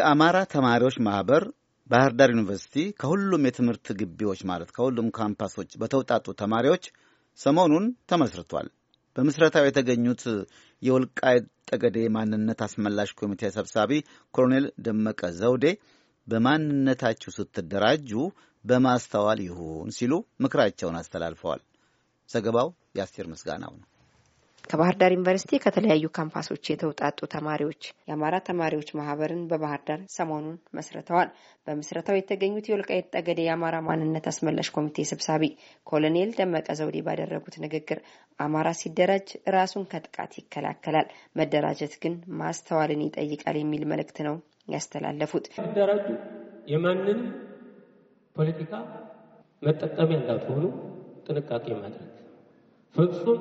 የአማራ ተማሪዎች ማህበር ባህር ዳር ዩኒቨርሲቲ ከሁሉም የትምህርት ግቢዎች ማለት ከሁሉም ካምፓሶች በተውጣጡ ተማሪዎች ሰሞኑን ተመስርቷል። በምስረታው የተገኙት የወልቃይት ጠገዴ ማንነት አስመላሽ ኮሚቴ ሰብሳቢ ኮሎኔል ደመቀ ዘውዴ በማንነታችሁ ስትደራጁ በማስተዋል ይሁን ሲሉ ምክራቸውን አስተላልፈዋል። ዘገባው የአስቴር ምስጋናው ነው። ከባህር ዳር ዩኒቨርሲቲ ከተለያዩ ካምፓሶች የተውጣጡ ተማሪዎች የአማራ ተማሪዎች ማህበርን በባህር ዳር ሰሞኑን መስርተዋል። በምስረታው የተገኙት የወልቃይት ጠገዴ የአማራ ማንነት አስመላሽ ኮሚቴ ሰብሳቢ ኮሎኔል ደመቀ ዘውዴ ባደረጉት ንግግር አማራ ሲደራጅ ራሱን ከጥቃት ይከላከላል፣ መደራጀት ግን ማስተዋልን ይጠይቃል የሚል መልእክት ነው ያስተላለፉት። ሲደራጁ የማንን ፖለቲካ መጠቀሚያ እንዳትሆኑ ጥንቃቄ ማድረግ ፍጹም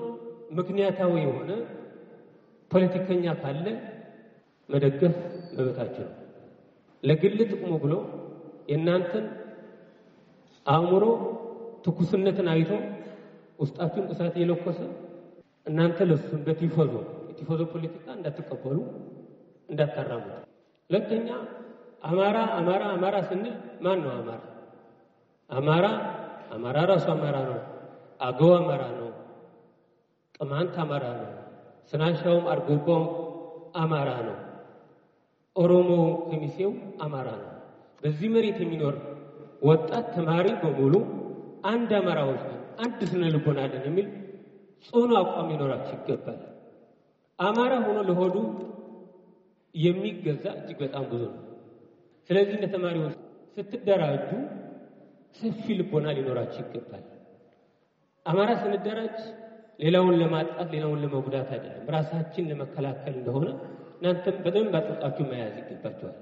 ምክንያታዊ የሆነ ፖለቲከኛ ካለ መደገፍ መብታችን ነው። ለግል ጥቅሙ ብሎ የእናንተን አእምሮ ትኩስነትን አይቶ ውስጣችሁን እሳት የለኮሰ እናንተ ለሱ እንደ ቲፎዞ የቲፎዞ ፖለቲካ እንዳትቀበሉ እንዳታራሙት። ሁለተኛ አማራ አማራ አማራ ስንል ማን ነው አማራ? አማራ አማራ ራሱ አማራ ነው። አገው አማራ ነው። ቅማንት አማራ ነው። ስናንሻውም አርጎቦም አማራ ነው። ኦሮሞ ከሚሴው አማራ ነው። በዚህ መሬት የሚኖር ወጣት ተማሪ በሙሉ አንድ አማራዎች ነን፣ አንድ ስነ ልቦና አለን የሚል ጽኑ አቋም ሊኖራቸው ይገባል። አማራ ሆኖ ለሆዱ የሚገዛ እጅግ በጣም ብዙ ነው። ስለዚህ እንደ ተማሪዎች ስትደራጁ ሰፊ ልቦና ሊኖራችሁ ይገባል። አማራ ስንደራጅ ሌላውን ለማጣት ሌላውን ለመጉዳት አይደለም፣ ራሳችን ለመከላከል እንደሆነ እናንተ በደንብ አጥብቃችሁ መያዝ ይገባችኋል።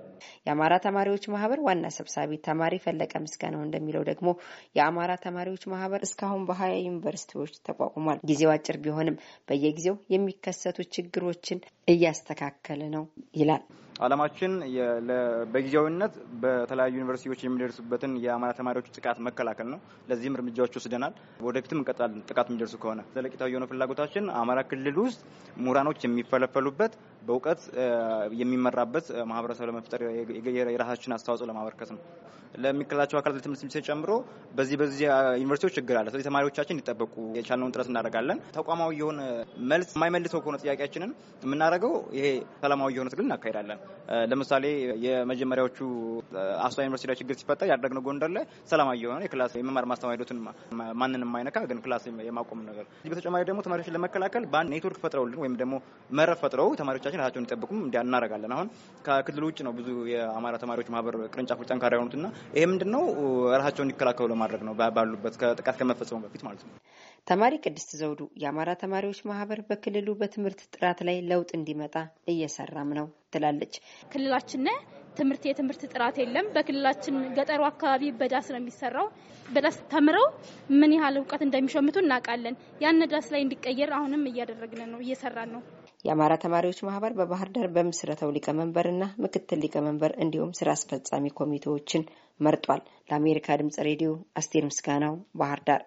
የአማራ ተማሪዎች ማህበር ዋና ሰብሳቢ ተማሪ ፈለቀ ምስጋናው እንደሚለው ደግሞ የአማራ ተማሪዎች ማህበር እስካሁን በሀያ ዩኒቨርሲቲዎች ተቋቁሟል። ጊዜው አጭር ቢሆንም በየጊዜው የሚከሰቱ ችግሮችን እያስተካከለ ነው ይላል። አላማችን በጊዜያዊነት በተለያዩ ዩኒቨርሲቲዎች የሚደርሱበትን የአማራ ተማሪዎች ጥቃት መከላከል ነው። ለዚህም እርምጃዎች ወስደናል። ወደፊትም እንቀጥላለን። ጥቃት የሚደርሱ ከሆነ ዘለቂታዊ የሆነ ፍላጎታችን አማራ ክልል ውስጥ ምሁራኖች የሚፈለፈሉበት በእውቀት የሚመራበት ማህበረሰብ ለመፍጠር የራሳችን አስተዋጽኦ ለማበርከት ነው። ለሚከላቸው አካላት ትምህርት ሚኒስቴር ጨምሮ በዚህ በዚህ ዩኒቨርሲቲዎች ችግር አለ። ስለዚህ ተማሪዎቻችን ይጠበቁ የቻልነውን ጥረት እናደርጋለን። ተቋማዊ የሆነ መልስ የማይመልሰው ከሆነ ጥያቄያችንን የምናደርገው ይሄ ሰላማዊ የሆነ ትግል እናካሄዳለን። ለምሳሌ የመጀመሪያዎቹ አስቷ ዩኒቨርሲቲ ላይ ችግር ሲፈጠር ያደረግነው ጎንደር ላይ ሰላማዊ የሆነ የክላስ የመማር ማስተማር ሂደቱን ማንንም የማይነካ ግን ክላስ የማቆም ነገር፣ በተጨማሪ ደግሞ ተማሪዎችን ለመከላከል በአንድ ኔትወርክ ፈጥረውልን ወይም ደግሞ መረብ ፈጥረው ተማሪዎቻችን ራሳቸውን እንዲጠብቁም እናደርጋለን። አሁን ከክልል ውጭ ነው ብዙ የአማራ ተማሪዎች ማህበር ቅርንጫፎች ጠንካራ የሆኑትና ይሄ ምንድን ነው ራሳቸውን እንዲከላከሉ ለማድረግ ነው ባሉበት ከጥቃት ከመፈጸሙ በፊት ማለት ነው። ተማሪ ቅድስት ዘውዱ የአማራ ተማሪዎች ማህበር በክልሉ በትምህርት ጥራት ላይ ለውጥ እንዲመጣ እየሰራም ነው ትላለች። ክልላችን ትምህርት የትምህርት ጥራት የለም። በክልላችን ገጠሩ አካባቢ በዳስ ነው የሚሰራው። በዳስ ተምረው ምን ያህል እውቀት እንደሚሸምቱ እናውቃለን። ያን ዳስ ላይ እንዲቀየር አሁንም እያደረግን ነው፣ እየሰራን ነው። የአማራ ተማሪዎች ማህበር በባህር ዳር በምስረተው ሊቀመንበርና ምክትል ሊቀመንበር እንዲሁም ስራ አስፈጻሚ ኮሚቴዎችን መርጧል። ለአሜሪካ ድምጽ ሬዲዮ አስቴር ምስጋናው ባህር ዳር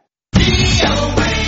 You're away.